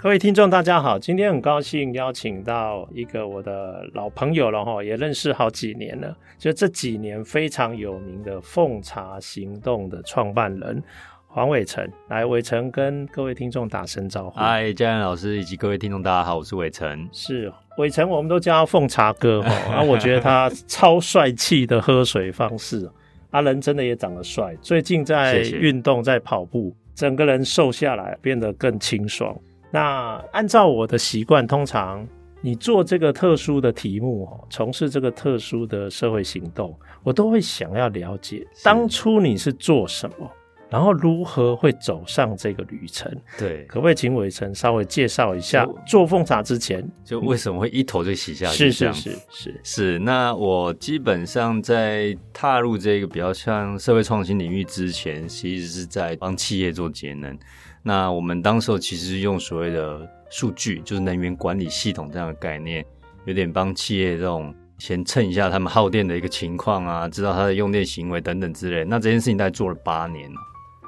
各位聽眾，大家好！今天很高興邀請到一個我的老朋友了哈，也認識好幾年了，就這幾年非常有名的“奉茶行動”的創辦人黃暐程，來，暐程跟各位聽眾打聲招呼。嗨，佳燕老師以及各位聽眾，大家好，我是暐程。是暐程，我們都叫他“奉茶哥”哈。然後我覺得他超帥氣的喝水方式，他、啊、人真的也長得帥。最近在運動，謝謝在跑步，整個人瘦下來，變得更清爽。那按照我的習慣，通常你做這個特殊的題目，從事這個特殊的社會行動，我都會想要了解當初你是做什麼，然後如何會走上這個旅程。對，可不可以請暐程稍微介紹一下就做奉茶之前，就為什麼會一頭就洗下來？是是是是是，是。那我基本上在踏入這個比較像社會創新領域之前，其實是在幫企業做節能。那我們當時候其實用所謂的數據，就是能源管理系統這樣的概念，有點幫企業這種先稱一下他們耗電的一個情況啊，知道他的用電行為等等之類。那這件事情大概做了八年了。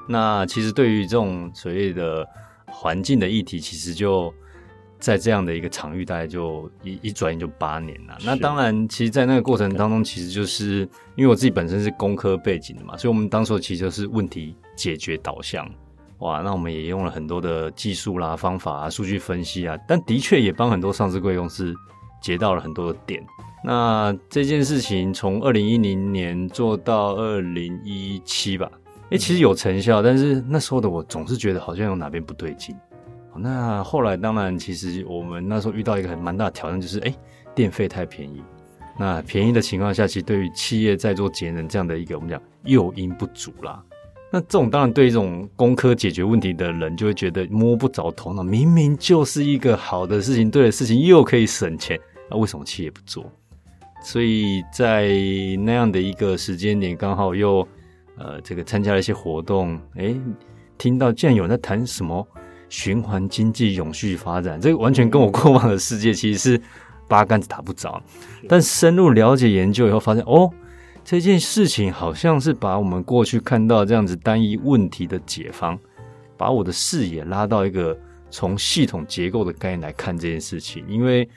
那其實對於這種所謂的環境的議題，其實就在這樣的一個場域，大概就一一轉眼就八年了。是那當然，其實，在那個過程當中，其實就是因為我自己本身是工科背景的嘛，所以我們當時候其實就是問題解決導向。哇，那我們也用了很多的技術啦、方法啊、數據分析啊，但的確也幫很多上市櫃公司節到了很多的點。那這件事情從二零一零年做到二零一七吧，誒、欸、其實有成效，但是那時候的我總是覺得好像有哪邊不對勁。那後來當然，其實我們那時候遇到一個很蠻大的挑戰，就是誒、欸、電費太便宜。那便宜的情況下，其實對於企業在做節能這樣的一個，我們講誘因不足啦。那這種當然對這種工科解決問題的人就會覺得摸不着頭腦，明明就是一個好的事情，對的事情又可以省錢，那、啊、為什麼企業不做？所以在那樣的一個時間點，剛好又呃這個參加了一些活動，誒、欸、聽到竟然有人在談什麼循環經濟、永續發展，這個、完全跟我過往的世界其實是八竿子打不着。但深入了解研究以後，發現哦。這件事情好像是把我們過去看到這樣子單一問題的解方，把我的視野拉到一個從系統結構的概念來看這件事情。因為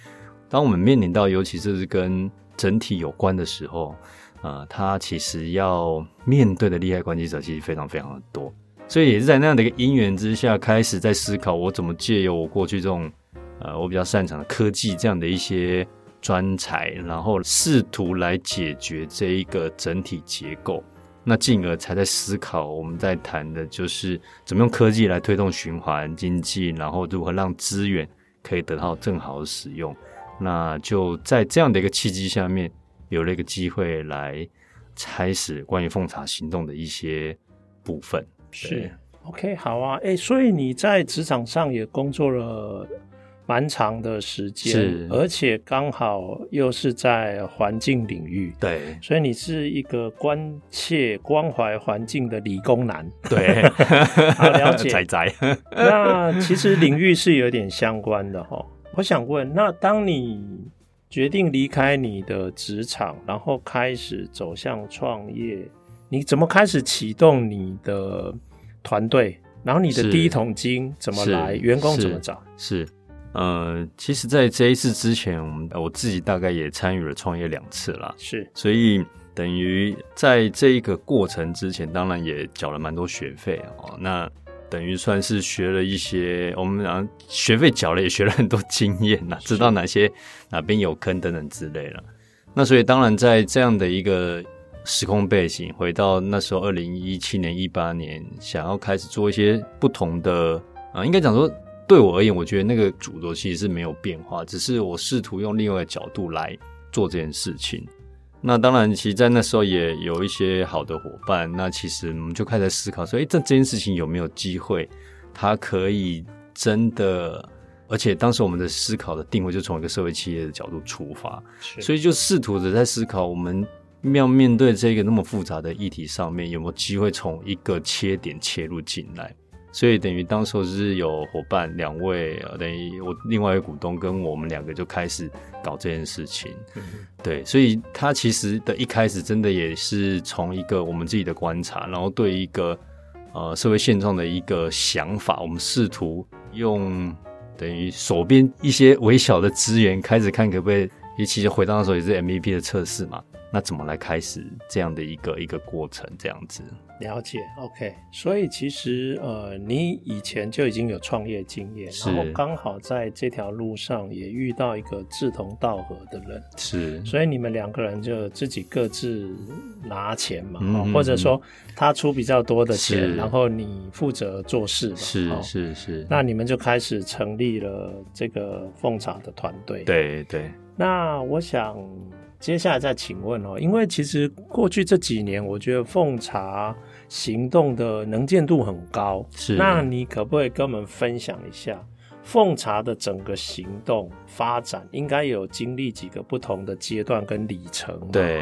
當我們面臨到，尤其是跟整體有關的時候，呃，它其實要面對的利害關係者其實非常非常的多，所以也是在那樣的一個因緣之下，開始在思考我怎麼借由我過去這種呃我比較擅長的科技這樣的一些。專才，然後試圖來解決這一個整體結構，那進而才在思考我們在談的就是怎麼用科技來推動循環經濟，然後如何讓資源可以得到更好的使用。那就在這樣的一個契機下面，有了一個機會來開始關於奉茶行動的一些部分。是 OK，好啊，哎，所以你在職場上也工作了。蠻長的時間，是而且剛好又是在環境領域，對，所以你是一個關切關懷環境的理工男，對， 好，了解。才才那其實領域是有點相關的哦，我想問，那當你決定離開你的職場，然後開始走向創業，你怎麼開始啟動你的團隊？然後你的第一桶金怎麼來？是員工怎麼找？是。是是呃，其實，在這一次之前，我們我自己大概也參與了創業兩次啦，是，所以等於在這一個過程之前，當然也繳了蠻多學費哦。那等於算是學了一些，我們講學費繳了，也學了很多經驗啦，是知道哪些哪邊有坑等等之類了。那所以，當然在這樣的一個時空背景，回到那時候二零一七年、一八年，想要開始做一些不同的啊、呃，應該講說。對我而言，我覺得那個主軸其實是沒有變化，只是我試圖用另外一個角度來做這件事情。那當然，其實在那時候也有一些好的夥伴。那其實我們就開始在思考，說：誒，這這件事情有沒有機會，它可以真的？而且當時我們的思考的定位就從一個社會企業的角度出發，是所以就試圖的在思考，我們要面對這個那麼複雜的議題上面，有沒有機會從一個切點切入進來？所以等於當時就是有伙伴兩位，呃，等於我另外一個股東跟我，我們兩個就開始搞這件事情。嗯、哼對，所以他其實的一開始真的也是從一個我們自己的觀察，然後對一個呃社會現狀的一個想法，我們試圖用等於手邊一些微小的資源開始看可不可以，也其實回到那時候也是 MVP 的測試嘛。那怎麼來開始這樣的一個一個過程？這樣子了解，OK。所以其實呃，你以前就已經有創業經驗，是然後剛好在這條路上也遇到一個志同道合的人，是。所以你們兩個人就自己各自拿錢嘛，嗯、或者說他出比較多的錢，是然後你負責做事嘛，是,好是是是。那你們就開始成立了這個奉茶的團隊，對,對對。那我想。接下來再請問哦，因為其實過去這幾年，我覺得奉茶行動的能見度很高。是，那你可不可以跟我們分享一下奉茶的整個行動發展？應該有經歷幾個不同的階段跟里程，對，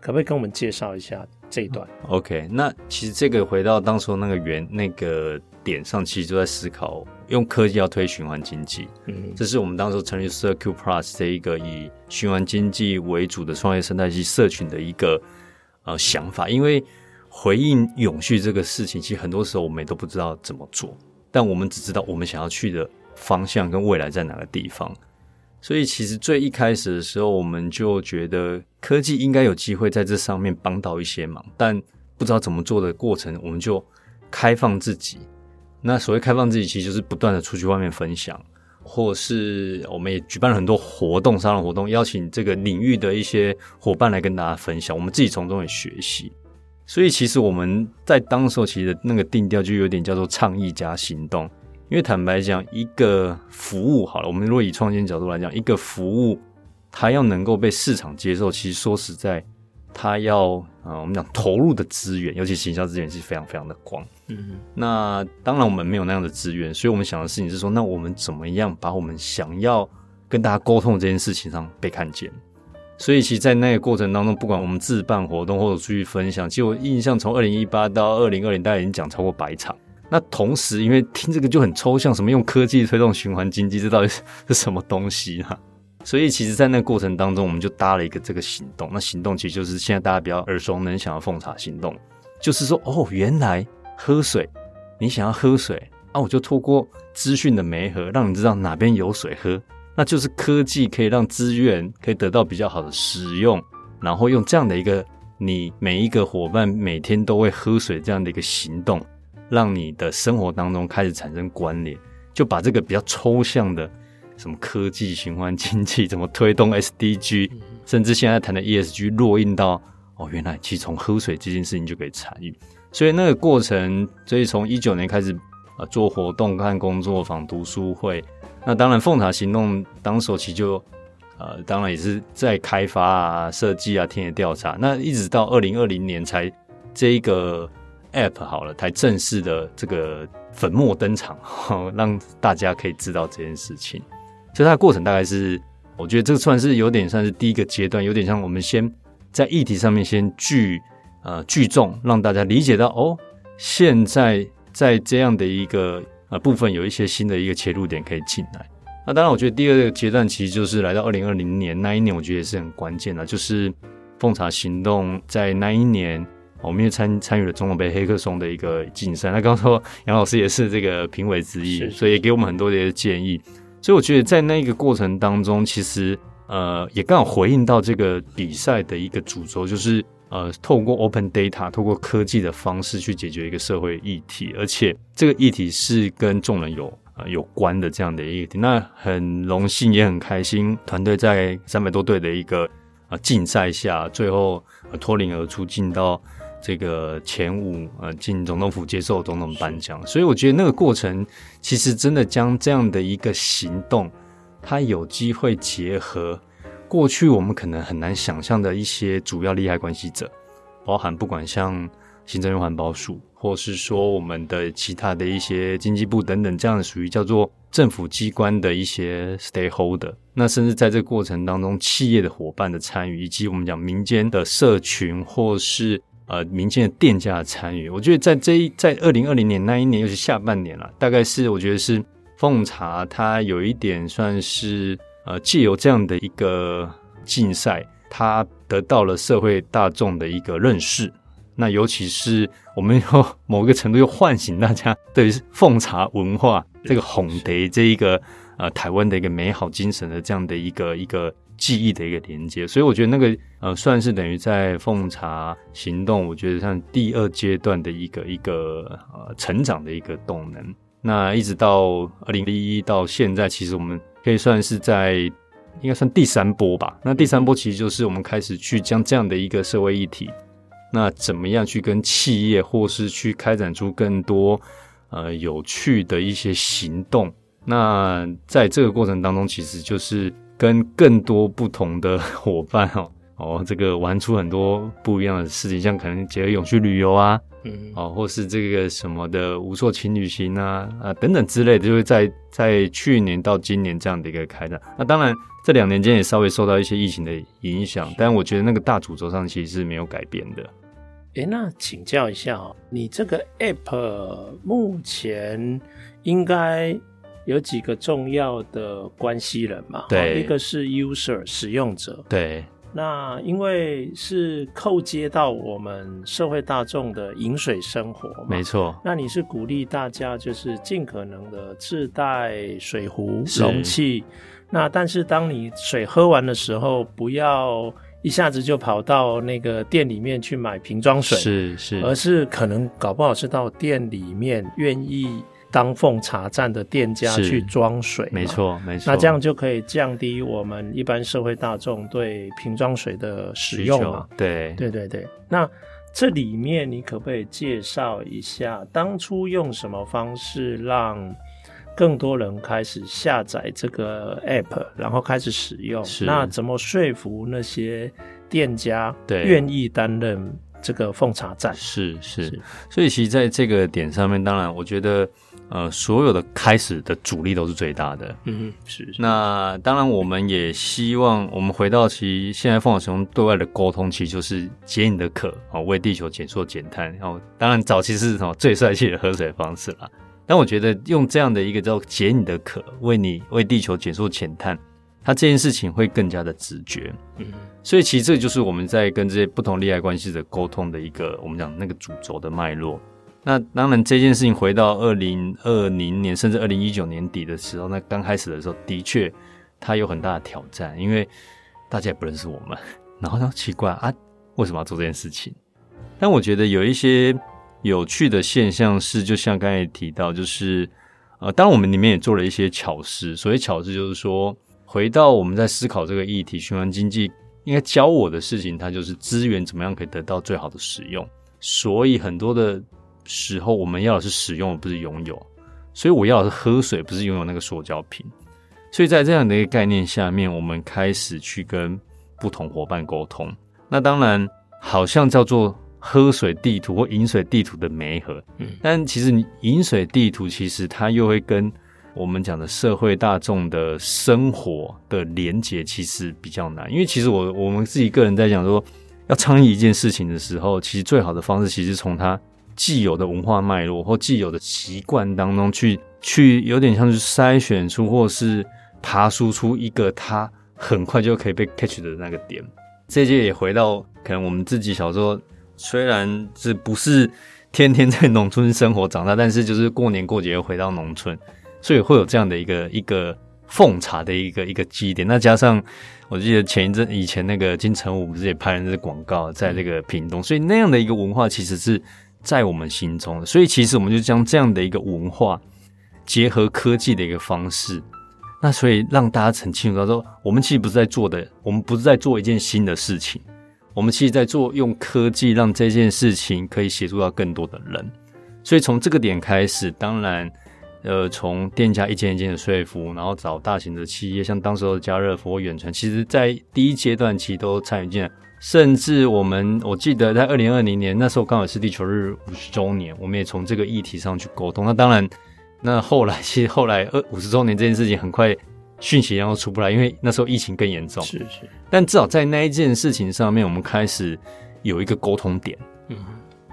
可不可以跟我們介紹一下這一段？OK，那其實這個回到當初那個原那個點上，其實就在思考，用科技要推循環經濟，嗯，這是我們當時成立 CircuPlus 這一個以循環經濟為主的創業生態系社群的一個呃想法。因為回應永續這個事情，其實很多時候我們也都不知道怎麼做，但我們只知道我們想要去的方向跟未來在哪個地方。所以其實最一開始的時候，我們就覺得科技應該有機會在這上面幫到一些忙，但不知道怎麼做的過程，我們就開放自己。那所謂開放自己，其實就是不斷的出去外面分享，或是我們也舉辦了很多活動、沙龍活動，邀請這個領域的一些伙伴來跟大家分享，我們自己從中也學習。所以，其實我們在當時候其實那個定調就有點叫做倡議加行動。因為坦白講，一個服務好了，我們如果以創新角度來講，一個服務它要能夠被市場接受，其實說實在，它要啊、嗯，我們講投入的資源，尤其行銷資源是非常非常的廣。嗯哼，那當然我們沒有那樣的資源，所以我們想的事情是說，那我們怎麼樣把我們想要跟大家溝通的這件事情上被看見？所以其實，在那個過程當中，不管我們自辦活動或者出去分享，其實我印象，從二零一八到二零二零，大家已經講超過百場。那同時，因為聽這個就很抽象，什麼用科技推動循環經濟，這到底是什麼東西呢、啊？所以，其實，在那個過程當中，我們就搭了一個這個行動。那行動其實就是現在大家比較耳熟能詳的奉茶行動，就是說，哦，原來。喝水，你想要喝水啊？我就透過資訊的媒合，讓你知道哪邊有水喝，那就是科技可以讓資源可以得到比較好的使用。然後用這樣的一個，你每一個夥伴每天都會喝水這樣的一個行動，讓你的生活當中開始產生關聯，就把這個比較抽象的什麼科技循環經濟怎麼推動 SDG，嗯嗯，甚至現在談的 ESG 落印到哦，原來其實從喝水這件事情就可以參與。所以那個過程，所以從一九年開始，呃，做活動、看工作坊、讀書會。那當然，鳳塔行動奉茶行動當時其實就，呃，當然也是在開發啊、設計啊、田野調查。那一直到二零二零年才這一個 app 好了，才正式的這個粉墨登場，讓大家可以知道這件事情。所以它的過程大概是，我覺得這個算是有點像是第一個階段，有點像我們先在議題上面先聚。呃，聚眾讓大家理解到哦，現在在這樣的一個呃部分，有一些新的一個切入點可以進來。那當然，我覺得第二個階段其實就是來到二零二零年，那一年，我覺得也是很關鍵的，就是奉茶行動在那一年，哦，我們也參參與了中國杯黑客松的一個競賽。那剛剛說楊老師也是這個評委之一，是是，所以也給我們很多的一些建議。所以我覺得在那個過程當中，其實呃也剛好回應到這個比賽的一個主軸，就是。呃，透過 Open Data，透過科技的方式去解決一個社會議題，而且這個議題是跟眾人有呃有關的這樣的議題。那很榮幸，也很開心，團隊在三百多隊的一個呃競賽下，最後呃脫穎而出，進到這個前五，呃，進總統府接受總統頒獎。所以我覺得那個過程，其實真的將這樣的一個行動，它有機會結合。過去我們可能很難想象的一些主要利害關係者，包含不管像行政院環保署，或是說我們的其他的一些經濟部等等，這樣的屬於叫做政府機關的一些 stakeholder。那甚至在這個過程當中，企業的夥伴的參與，以及我們講民間的社群，或是呃民間的店家的參與，我覺得在這一在二零二零年那一年，又是下半年了，大概是我覺得是奉茶它有一點算是。呃，藉由這樣的一個競賽，它得到了社會大眾的一個認識。那尤其是我們有某一個程度又喚醒大家對於奉茶文化對這個很台的這一個呃台灣的一個美好精神的這樣的一個一個記憶的一個連接。所以我覺得那個呃算是等於在奉茶行動，我覺得像第二階段的一個一個呃成長的一個動能。那一直到2011到現在，其實我們。可以算是在，應該算第三波吧。那第三波其實就是我們開始去將這樣的一個社會議題，那怎麼樣去跟企業或是去開展出更多呃有趣的一些行動。那在這個過程當中，其實就是跟更多不同的夥伴哦哦，這個玩出很多不一樣的事情，像可能結合永續去旅遊啊。哦，或是這個什麼的無座情侶型啊，啊等等之類的，就會在在去年到今年這樣的一個開展。那、啊、當然這兩年間也稍微受到一些疫情的影響，但我覺得那個大主軸上其實是沒有改變的。哎、欸，那請教一下哦，你這個 app 目前應該有幾個重要的關係人嘛？對、哦，一個是 user 使用者，對。那因為是扣接到我們社會大眾的飲水生活，沒錯錯。那你是鼓勵大家就是盡可能的自帶水壺容器。是那但是當你水喝完的時候，不要一下子就跑到那個店裡面去買瓶裝水，是是，是而是可能搞不好是到店裡面願意。當奉茶站的店家去裝水，沒錯，沒錯，那這樣就可以降低我們一般社會大眾對瓶裝水的使用嘛？對，對，對，對，對。那這裡面你可不可以介紹一下當初用什麼方式讓更多人開始下載這個 app，然後開始使用？是，那怎麼說服那些店家願意擔任這個奉茶站？是是，是是，所以其實在這個點上面，當然，我覺得。呃，所有的開始的阻力都是最大的。嗯哼，是。是那當然，我們也希望我們回到，其實現在鳳凰熊對外的溝通，其實就是解你的渴啊、哦，為地球減速減碳。然、哦、後，當然早期是什麼、哦、最帥氣的喝水方式了？但我覺得用這樣的一個叫解你的渴，為你為地球減速淺碳，它這件事情會更加的直覺。嗯哼，所以其實這就是我們在跟這些不同利害關係者溝通的一個，我們講那個主軸的脈絡。那當然，這件事情回到二零二零年，甚至二零一九年底的時候，那剛開始的時候，的確它有很大的挑戰，因為大家也不認識我們。然後呢，然後奇怪啊，為什麼要做這件事情？但我覺得有一些有趣的現象是，就像剛才提到，就是呃，當然我們裡面也做了一些巧思。所謂巧思，就是說，回到我們在思考這個議題，循環經濟應該教我的事情，它就是資源怎麼樣可以得到最好的使用。所以很多的。時候我們要的是使用，而不是擁有，所以我要的是喝水，不是擁有那個塑膠瓶。所以在這樣的一個概念下面，我們開始去跟不同伙伴溝通。那當然，好像叫做“喝水地圖”或“飲水地圖”的媒合，嗯，但其實“飲水地圖”其實它又會跟我們講的社會大眾的生活的連結，其實比較難，因為其實我我們自己個人在講說要倡議一件事情的時候，其實最好的方式其實從它。既有的文化脈絡或既有的習慣當中，去去有點像是篩選出或是爬梳出一個他很快就可以被 catch 的那個點。這些也回到可能我們自己小時候，雖然是不是天天在農村生活長大，但是就是過年過節回到農村，所以會有這樣的一個一個奉茶的一個一個基點。那加上我記得前一陣以前那個金城武不是也拍了這個廣告，在這個屏東，所以那樣的一個文化其實是。在我們心中的，所以其實我們就將這樣的一個文化結合科技的一個方式，那所以讓大家很清楚到說，說，我們其實不是在做的，我們不是在做一件新的事情，我們其實在做用科技讓這件事情可以協助到更多的人。所以從這個點開始，當然，呃，從店家一間一間的說服，然後找大型的企業，像當時候的家樂福、遠傳，其實在第一階段其實都參與進來。甚至我們我記得在二零二零年那時候剛好是地球日五十周年，我們也從這個議題上去溝通。那當然，那後來其實後來二五十周年這件事情很快訊息然後出不來，因為那時候疫情更嚴重。是,是是，但至少在那一件事情上面，我們開始有一個溝通點，嗯，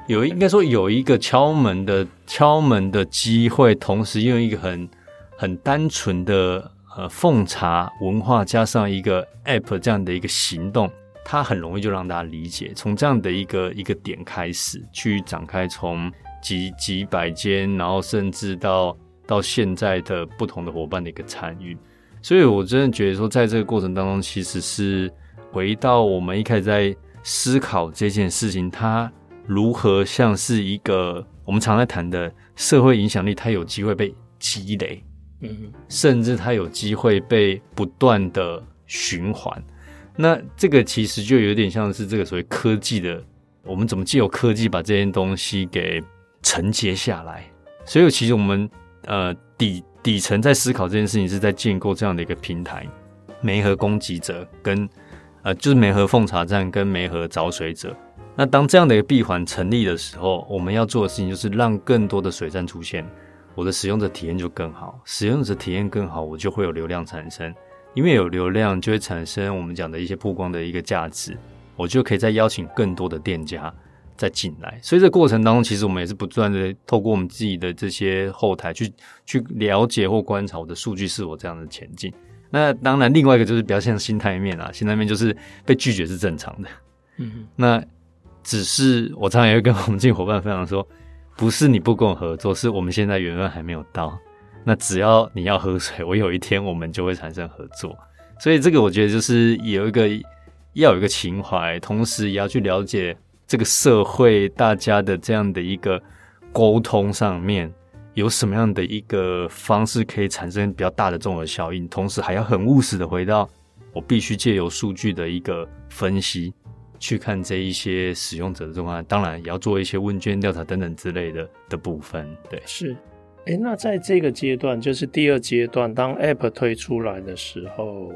有應該說有一個敲門的敲門的機會，同時用一個很很單純的呃奉茶文化加上一個 App 這樣的一個行動。他很容易就讓大家理解，從這樣的一個一個點開始去展開，從幾幾百間，然後甚至到到現在的不同的夥伴的一個參與，所以我真的覺得說，在這個過程當中，其實是回到我們一開始在思考這件事情，它如何像是一個我們常在談的社會影響力，它有機會被積累，嗯哼，甚至它有機會被不斷的循環。那這個其實就有點像是這個所謂科技的，我們怎麼借由科技把這件東西給承接下來？所以，其實我們呃底底層在思考這件事情是在建構這樣的一個平台，媒合供給者跟呃就是媒合奉茶站跟媒合找水者。那當這樣的一個閉環成立的時候，我們要做的事情就是讓更多的水站出現，我的使用者體驗就更好，使用者體驗更好，我就會有流量產生。因為有流量，就會產生我們講的一些曝光的一個價值，我就可以再邀請更多的店家再進來。所以這個過程當中，其實我們也是不斷的透過我們自己的這些後台去去了解或觀察我的數據是否這樣的前進。那當然，另外一個就是比較像心態面啊，心態面就是被拒絕是正常的。嗯哼，那只是我常常也會跟我們自己夥伴分享說，不是你不跟我合作，是我們現在緣分還沒有到。那只要你要喝水，我有一天我們就會產生合作。所以這個我覺得就是有一個要有一個情懷，同時也要去了解這個社會大家的這樣的一個溝通上面有什麼樣的一個方式可以產生比較大的綜合效應，同時還要很務實的回到我必須借由數據的一個分析去看這一些使用者的狀況，當然也要做一些問卷調查等等之類的的部分。對，是。誒，那在這個階段，就是第二階段，當 App 推出來的時候，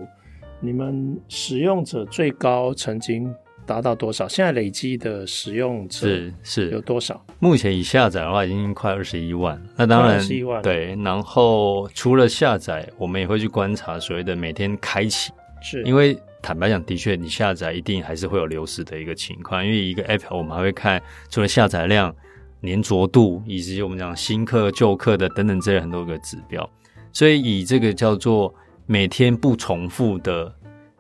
你們使用者最高曾經達到多少？現在累積的使用者是是有多少？目前已下載的話，已經快二十一萬。那當然，21萬對。然後除了下載，我們也會去觀察所謂的每天開啟，是因為坦白講，的確你下載一定還是會有流失的一個情況，因為一個 App 我們還會看除了下載量。黏着度以及我們講新客舊客的等等這類很多個指標，所以以這個叫做每天不重複的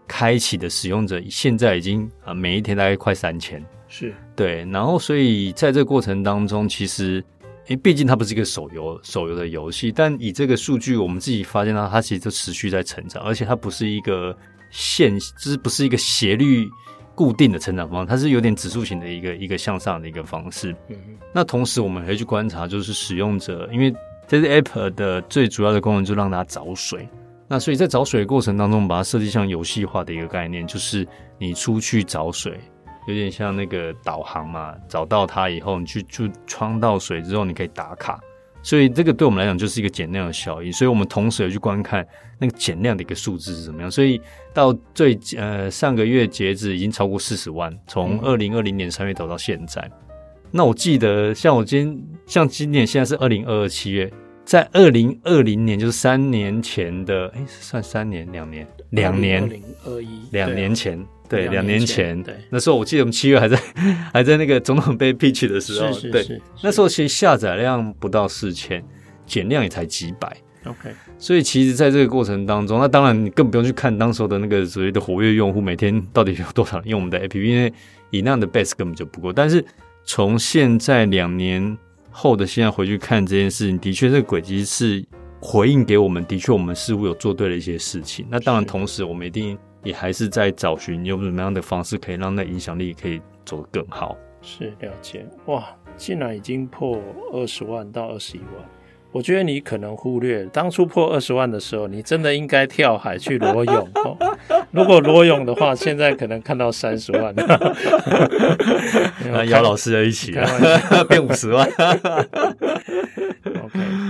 開啟的使用者，現在已經啊每一天大概快三千，是對。然後所以在這個過程當中，其實因為畢竟它不是一個手遊，手遊的遊戲，但以這個數據我們自己發現到，它其實就持續在成長，而且它不是一個線，就是不是一個斜率。固定的成長方式，它是有點指數型的一個一個向上的一個方式。嗯嗯，那同時，我們可以去觀察，就是使用者，因為這是 App 的最主要的功能，就是讓它找水。那所以在找水的過程當中，把它設計像遊戲化的一個概念，就是你出去找水，有點像那個導航嘛。找到它以後，你去就創到水之後，你可以打卡。所以這個對我們來講就是一個減量的效應，所以我們同時有去觀看那個減量的一個數字是怎麼樣。所以到最呃上個月截止已經超過四十萬，從二零二零年三月走到現在。嗯、那我記得像我今天像今年現在是二零二二七月，在二零二零年就是三年前的，哎，算三年兩年兩年，兩年，二零二一,兩年前。對，兩年前，年前那時候我記得我們七月還在對還在那個總統被 pitch 的時候，是是是是對，是是那時候其實下載量不到四千，減量也才幾百。OK，所以其實在這個過程當中，那當然你更不用去看當時候的那個所謂的活躍用戶每天到底有多少人用我們的 APP，因為以那樣的 base 根本就不夠。但是從現在兩年後的現在回去看這件事情，的確這個軌跡是回應給我們，的確我們似乎有做對了一些事情。那當然，同時我們一定。你還是在找尋用什麼樣的方式可以讓那影響力可以走得更好？是了解哇，竟然已經破二十萬到二十一萬，我覺得你可能忽略當初破二十萬的時候，你真的應該跳海去裸泳。哦、如果裸泳的話，現在可能看到三十萬那、 啊、姚老師要一起 變五十萬。哈哈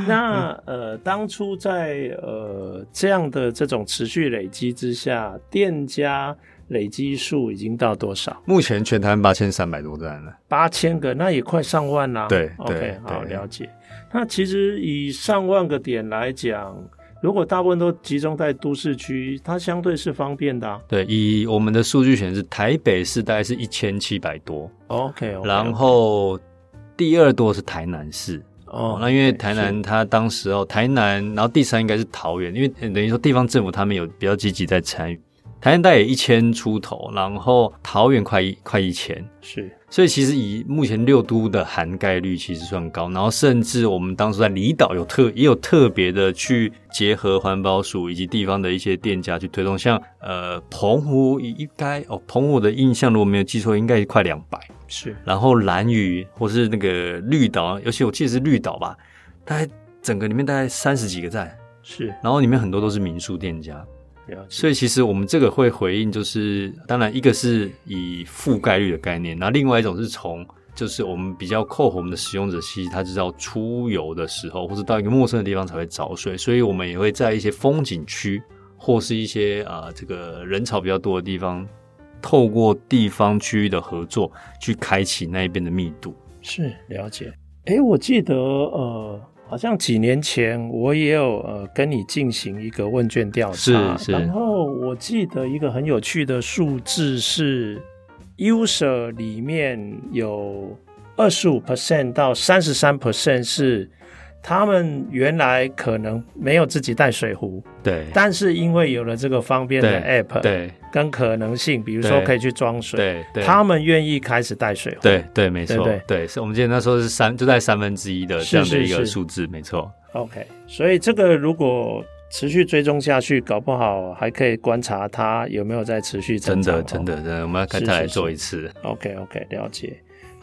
那、嗯、呃，當初在呃這樣的這種持續累積之下，店家累積數已經到多少？目前全台灣八千三百多站了，八千個，那也快上萬啦。對對，okay, 好了解。對那其實以上萬個點來講，如果大部分都集中在都市區，它相對是方便的。啊。對，以我們的數據顯示，台北市大概是一千七百多。OK，, okay, okay. 然後第二多是台南市。哦，那因為台南，它當時哦，台南，然後第三應該是桃園，因為等於說地方政府他們有比較積極在參與，台南大概有一千出頭，然後桃園快一快一千，是。所以其實以目前六都的涵蓋率其實算高，然後甚至我們當初在離島有特也有特別的去結合環保署以及地方的一些店家去推動，像呃澎湖應該哦，澎湖的印象如果沒有記錯，應該也快兩百，是。然後蘭嶼或是那個綠島，尤其我記得是綠島吧，大概整個裡面大概三十幾個站，是。然後裡面很多都是民宿店家。所以其實我們這個會回應，就是當然一個是以覆蓋率的概念，那另外一種是從就是我們比較扣我們的使用者，其實他知道出遊的時候或者到一個陌生的地方才會找水，所以我們也會在一些風景區或是一些呃這個人潮比較多的地方，透過地方區域的合作去開啟那邊的密度。是，了解。誒、欸、我記得呃。好像幾年前我也有呃跟你進行一個問卷調查，是，是。啊，然後我記得一個很有趣的數字是，user 裡面有二十五 percent 到三十三 percent 是。他們原來可能沒有自己帶水壺，對。但是，因為有了這個方便的 APP，對，跟可能性，比如說可以去裝水，對，他們願意開始帶水壺，對，對，沒錯，對，是我們今天那時候是三，就在三分之一的這樣的一個數字，沒錯。OK，所以這個如果持續追蹤下去，搞不好還可以觀察它有沒有在持續增長。真的，真的，真的，我們要再來做一次。OK，OK，了解。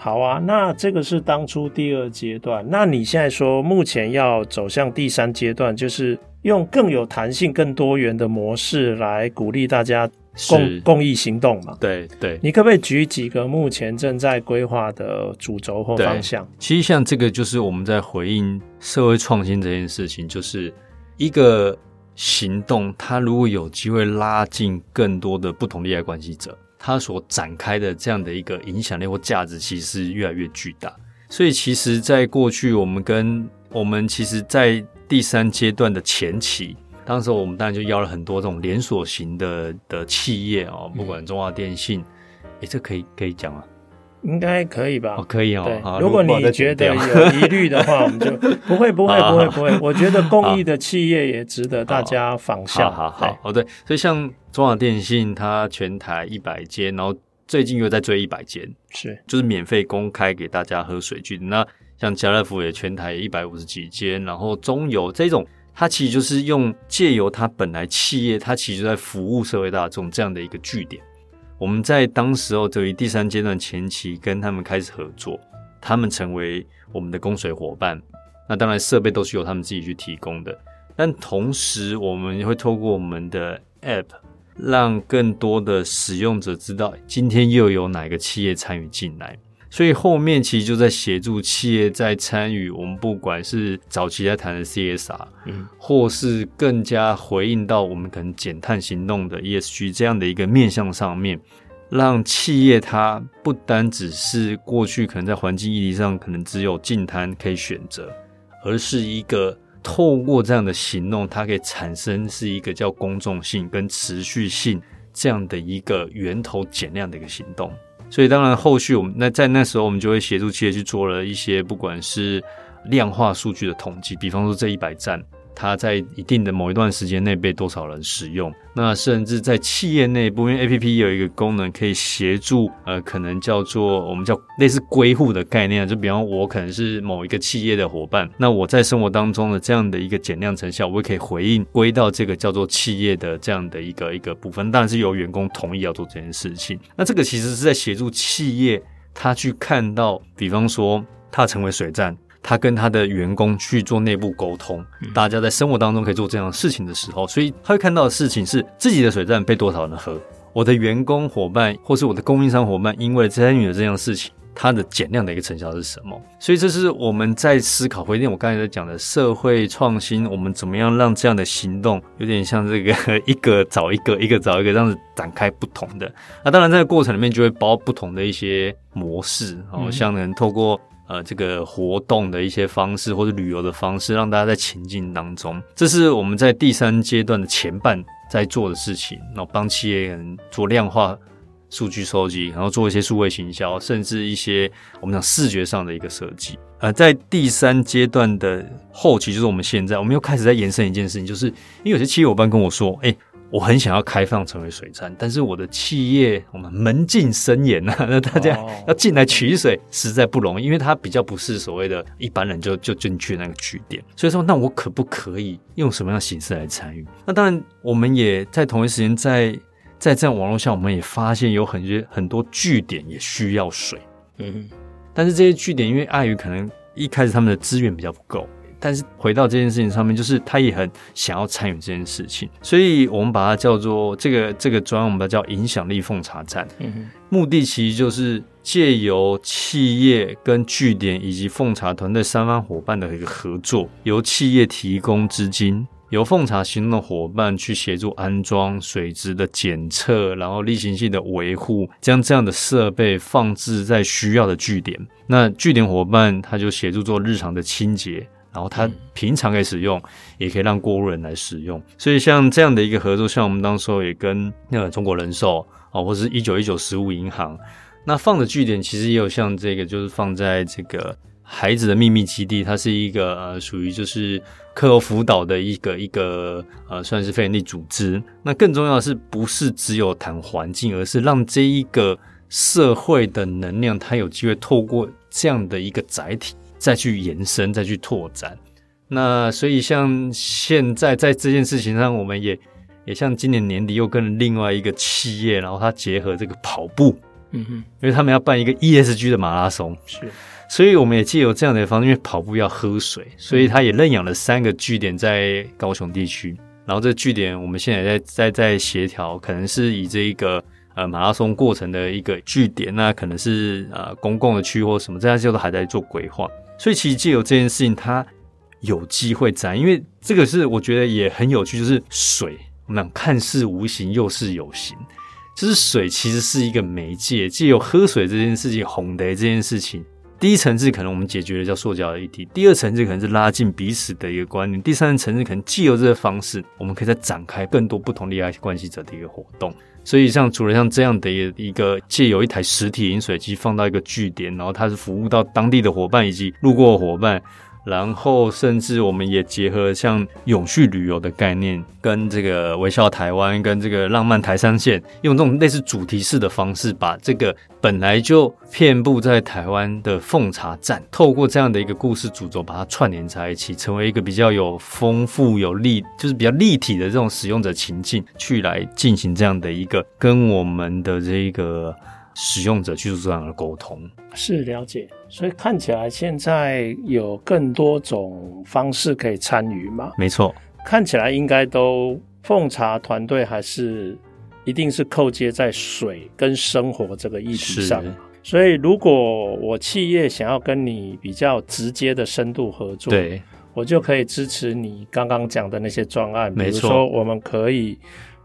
好啊，那這個是當初第二階段。那你現在說目前要走向第三階段，就是用更有彈性、更多元的模式來鼓勵大家共是共益行動嘛？對對。對你可不可以舉幾個目前正在規劃的主軸或方向？其實像這個就是我們在回應社會創新這件事情，就是一個行動，它如果有機會拉近更多的不同利害關係者。它所展開的這樣的一個影響力或價值，其實是越來越巨大。所以，其實，在過去，我們跟我們其實，在第三階段的前期，當時我們當然就邀了很多這種連鎖型的的企業啊、哦，不管中華電信，誒、嗯欸，這個、可以可以講啊。應該可以吧？Oh, 可以哦。對，好如果你覺得有疑慮的話， 我們就不會不會不會不會。我覺得公益的企業也值得大家仿效。好好好，哦對，對，所以像中華電信，它全台一百間，然後最近又在追一百間，是就是免費公開給大家喝水去。那像家樂福也全台一百五十幾間，然後中油這種，它其實就是用借由它本來企業，它其實就在服務社會大眾這樣的一個據點。我們在當時候對於第三階段前期，跟他們開始合作，他們成為我們的供水夥伴。那當然，設備都是由他們自己去提供的，但同時我們會透過我們的 App，讓更多的使用者知道今天又有哪個企業參與進來。所以後面其實就在協助企業在，在參與我們不管是早期在談的 CSR，嗯，或是更加回應到我們可能減碳行動的 ESG 這樣的一個面向上面，讓企業它不單只是過去可能在環境議題上可能只有淨灘可以選擇，而是一個透過這樣的行動，它可以產生是一個叫公眾性跟持續性這樣的一個源頭減量的一個行動。所以，當然後續我們那在那時候，我們就會協助企業去做了一些，不管是量化數據的統計，比方說這一百站。它在一定的某一段時間內被多少人使用，那甚至在企業內部，因為 APP 有一個功能可以協助，呃，可能叫做我們叫類似歸戶的概念，就比方說我可能是某一個企業的夥伴，那我在生活當中的這樣的一個減量成效，我也可以回應歸到這個叫做企業的這樣的一個一個部分，當然是由員工同意要做這件事情。那這個其實是在協助企業，他去看到，比方說它成為水站。他跟他的員工去做內部溝通，嗯、大家在生活當中可以做這樣的事情的時候，所以他會看到的事情是自己的水站被多少人喝，我的員工伙伴或是我的供應商伙伴，因為參與了這樣的事情，它的減量的一個成效是什麼？所以這是我們在思考，回應。我剛才在講的社會創新，我們怎麼樣讓這樣的行動有點像這個一個找一個，一個找一個這樣子展開不同的。那、啊、當然在這個過程裡面就會包不同的一些模式，嗯、哦，像能透過。呃，這個活動的一些方式或者旅遊的方式，讓大家在情境當中，這是我們在第三階段的前半在做的事情，然後幫企業可能做量化數據收集，然後做一些數位行銷，甚至一些我們講視覺上的一個設計。呃，在第三階段的後期，就是我們現在，我們又開始在延伸一件事情，就是因為有些企業夥伴跟我說，哎。我很想要開放成為水站，但是我的企業我們門禁森嚴吶，那大家要進來取水實在不容易，因為它比較不是所謂的一般人就就進去那個據點。所以說，那我可不可以用什麼樣的形式來參與？那當然，我們也在同一時間在在這樣的網絡上，我們也發現有很多很多據點也需要水。嗯，但是這些據點因為礙於可能一開始他們的資源比較不夠。但是回到這件事情上面，就是他也很想要參與這件事情，所以我們把它叫做這個這個專，我們把它叫影響力奉茶站。目的其實就是借由企業、跟據點以及奉茶團隊三方夥伴的一個合作，由企業提供資金，由奉茶行動伙伴去協助安裝水質的檢測，然後例行性的維護，將這樣的設備放置在需要的據點。那據點伙伴他就協助做日常的清潔。然後他平常可以使用，嗯、也可以讓過路人來使用。所以像這樣的一個合作，像我們當時候也跟那個中國人壽啊、哦，或是一九一九食物銀行，那放的據點其實也有像這個，就是放在這個孩子的秘密基地，它是一個呃屬於就是課後輔導的一個一個呃算是非營利組織。那更重要的是，不是只有談環境，而是讓這一個社會的能量，它有機會透過這樣的一個載體。再去延伸，再去拓展。那所以像現在在這件事情上，我們也也像今年年底又跟另外一個企業，然後它結合這個跑步，嗯哼，因為他們要辦一個 ESG 的馬拉松，是，所以我們也藉由這樣的方式，因為跑步要喝水，所以它也認養了三個據點在高雄地區。嗯、然後這據點我們現在在在在協調，可能是以這一個呃馬拉松過程的一個據點，那可能是呃公共的區域或什麼，這樣就都還在做規劃。所以，其實借由這件事情，它有機會在，因為這個是我覺得也很有趣，就是水，我們講看似無形，又是有形，就是水其實是一個媒介。借由喝水這件事情，奉茶這件事情，第一層次可能我們解決了叫塑膠的議題，第二層次可能是拉近彼此的一個觀念；第三層次可能借由這個方式，我們可以再展開更多不同利害關係者的一個活動。所以，像除了像這樣的一個，借由一台實體飲水機放到一個據點，然後它是服務到當地的夥伴以及路過的夥伴。然後，甚至我們也結合像永續旅遊的概念，跟這個微笑台灣，跟這個浪漫台三線，用這種類似主題式的方式，把這個本來就遍布在台灣的奉茶站，透過這樣的一個故事主軸，把它串聯在一起，成為一個比較有豐富、有力，就是比較立體的這種使用者情境，去來進行這樣的一個跟我們的這一個。使用者去做這樣的溝通，是了解，所以看起來現在有更多種方式可以參與嗎？沒錯錯，看起來應該都奉茶團隊還是一定是扣接在水跟生活這個議題上。是所以如果我企業想要跟你比較直接的深度合作，對，我就可以支持你剛剛講的那些專案。沒錯錯，比如說我們可以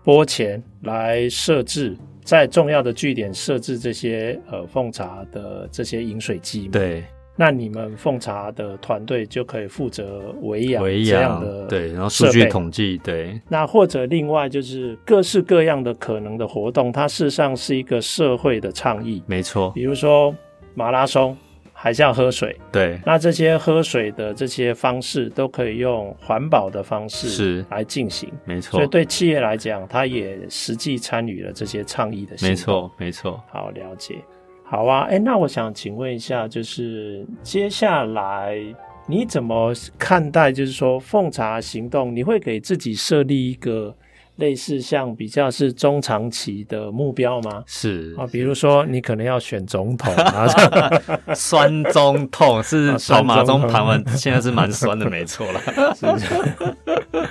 撥錢來設置。在重要的據點設置這些呃奉茶的這些飲水機，對，那你們奉茶的團隊就可以負責維養、維養的，對，然後數據統計，對。那或者另外就是各式各樣的可能的活動，它事實上是一個社會的倡議，沒錯。比如說馬拉松。還是要喝水，對。那這些喝水的這些方式都可以用環保的方式是來進行，沒錯。所以對企業來講，他也實際參與了這些倡議的事情。沒錯，沒錯。好，了解。好啊，誒、欸、那我想請問一下，就是接下來你怎麼看待？就是說奉茶行動，你會給自己設立一個？類似像比較是中長期的目標嗎？是啊，比如說你可能要選總統啊，酸總統是小馬中盤完，現在是蠻酸的， 沒錯啦。是不是？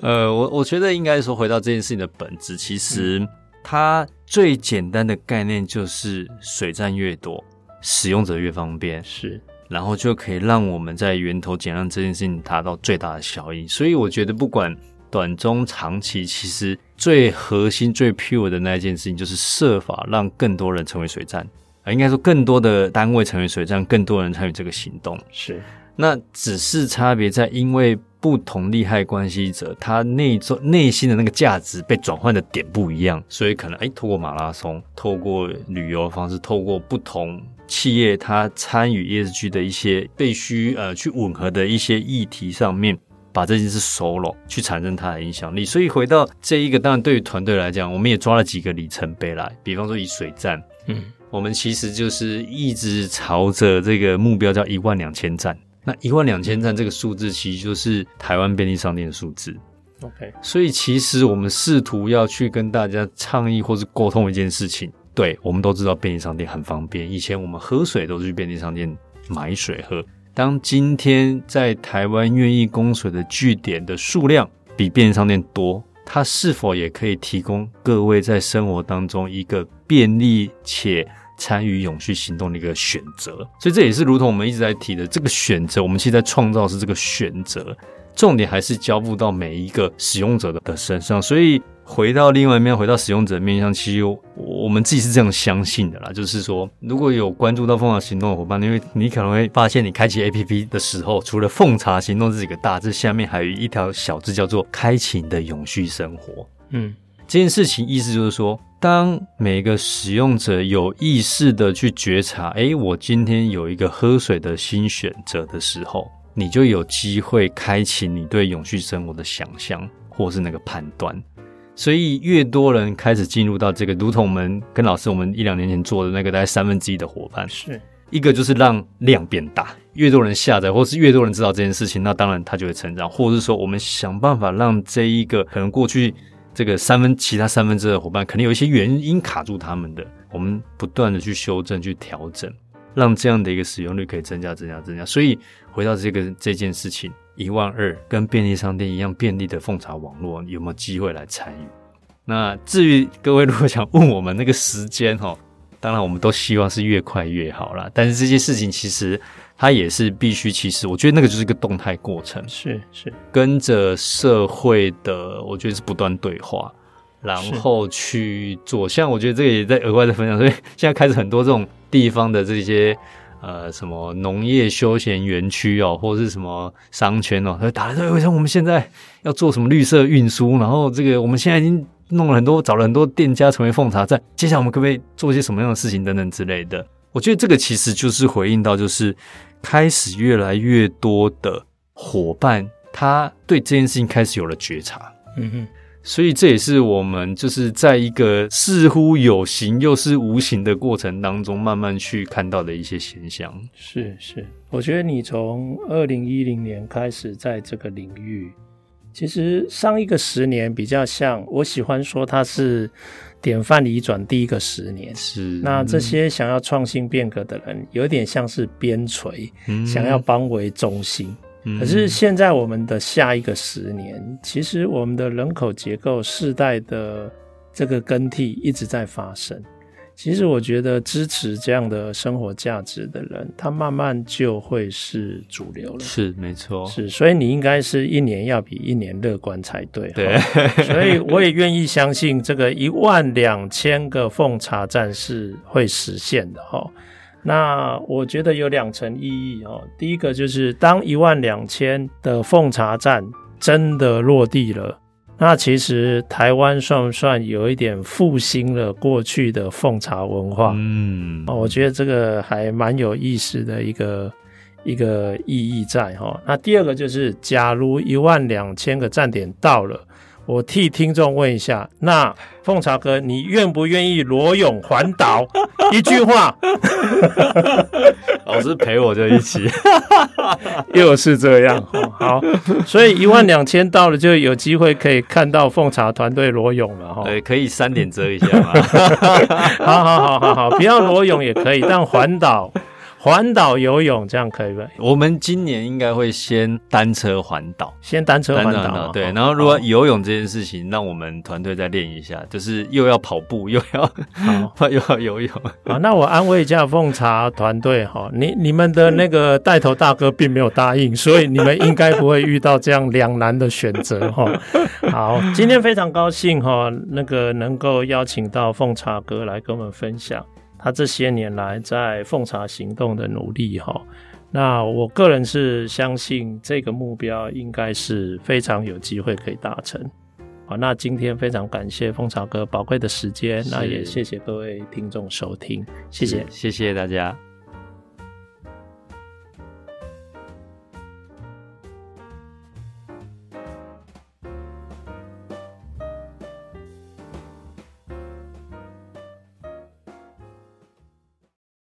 呃，我我覺得應該說回到這件事情的本質，其實它最簡單的概念就是水站越多，使用者越方便，是，然後就可以讓我們在源頭減量這件事情達到最大的效益。所以我覺得不管。短、中、長期，其實最核心、最 pure 的那一件事情，就是設法讓更多人成為水站啊。應該說，更多的單位成為水站，更多人參與這個行動。是，那只是差別在，因為不同利害關係者，他內中內心的那個價值被轉換的點不一樣，所以可能哎，透過馬拉松，透過旅遊方式，透過不同企業，他參與 ESG 的一些必須呃去吻合的一些議題上面。把這件事收攏，去產生它的影響力。所以回到這一個，當然對於團隊來講，我們也抓了幾個里程碑來，比方說以水站，嗯，我們其實就是一直朝着這個目標，叫一萬兩千站。那一萬兩千站這個數字，其實就是台灣便利商店的數字。OK，所以其實我們試圖要去跟大家倡議或是溝通一件事情，對，我們都知道便利商店很方便，以前我們喝水都是去便利商店買水喝。當今天在台灣願意供水的據點的數量比便利商店多，它是否也可以提供各位在生活當中一個便利且參與永續行動的一個選擇？所以這也是如同我們一直在提的，這個選擇我們其實在創造的是這個選擇，重點還是交付到每一個使用者的身上。所以回到另外一面，回到使用者的面向，其實我。我們自己是這樣相信的啦，就是說，如果有關注到奉茶行動的伙伴，因為你可能會發現，你開啟 APP 的時候，除了“奉茶行動”這幾個大字，下面還有一條小字叫做“開啟你的永續生活”。嗯，這件事情意思就是說，當每個使用者有意識的去覺察，哎，我今天有一個喝水的新選擇的時候，你就有機會開啟你對永續生活的想象，或是那個判斷。所以越多人開始進入到這個，如同我們跟老師我們一兩年前做的那個，大概三分之一的夥伴，是一個就是讓量變大，越多人下載或是越多人知道這件事情，那當然他就會成長，或者是說我們想辦法讓這一個可能過去這個三分其他三分之二的夥伴，可能有一些原因卡住他們的，我們不斷的去修正、去調整，讓這樣的一個使用率可以增加、增加、增加。所以回到這個這件事情。一萬二，12, 000，跟便利商店一樣便利的奉茶網絡，有沒有機會來參與？那至於各位如果想問我們那個時間哦，當然我們都希望是越快越好啦。但是這些事情其實它也是必須，其實我覺得那個就是一個動態過程，是是，是跟着社會的，我覺得是不斷對話，然後去做。是像我覺得這個也在額外的分享，所以現在開始很多這種地方的這些。呃，什麼農業休閒園區哦，或是什麼商圈哦，他打來說：“為什麼我們現在要做什麼綠色運輸？然後這個，我們現在已經弄了很多，找了很多店家成為奉茶站。接下來我們可不可以做一些什麼樣的事情等等之類的？”我覺得這個其實就是回應到，就是開始越來越多的夥伴，他對這件事情開始有了覺察。嗯哼。所以這也是我們就是在一個似乎有形又是無形的過程當中，慢慢去看到的一些現象。是是，我覺得你從二零一零年開始在這個領域，其實上一個十年比較像，我喜歡說它是典範移轉第一個十年。是。那這些想要創新變革的人，有點像是邊陲，嗯、想要幫為中心。可是現在我們的下一個十年，嗯、其實我們的人口結構、世代的這個更替一直在發生。其實我覺得支持這樣的生活價值的人，他慢慢就會是主流了。是，沒錯。是，所以你應該是一年要比一年樂觀才對。對， 所以我也願意相信這個一萬兩千個奉茶站是會實現的哈。那我覺得有兩層意義哦。第一個就是，當一萬兩千的奉茶站真的落地了，那其實台灣算不算有一點復興了過去的奉茶文化？嗯，我覺得這個還蠻有意思的一個一個意義在哈、哦。那第二個就是，假如一萬兩千個站點到了。我替聽眾問一下，那奉茶哥，你願不願意裸泳環島？一句話，老師陪我就一起， 又是這樣。好，所以一萬兩千到了，就有機會可以看到奉茶團隊裸泳了哈。對，可以三點遮一下嘛。好 好好好好，不要裸泳也可以，但環島。環島游泳這樣可以吧？我們今年應該會先單車環島，先單車環島。環島對，哦、然後如果游泳這件事情，那、哦、我們團隊再練一下，哦、就是又要跑步，又要好，哦、又要游泳。啊，那我安慰一下奉茶團隊哈， 你你們的那個帶頭大哥並沒有答應，所以你們應該不會遇到這樣兩難的選擇哈、哦。好，今天非常高興哈、哦，那個能夠邀請到奉茶哥來跟我們分享。他這些年來在奉茶行動的努力哦，哈，那我個人是相信這個目標應該是非常有機會可以達成。好，啊，那今天非常感謝奉茶哥寶貴的時間，是那也謝謝各位聽眾收聽，是謝謝，謝謝大家。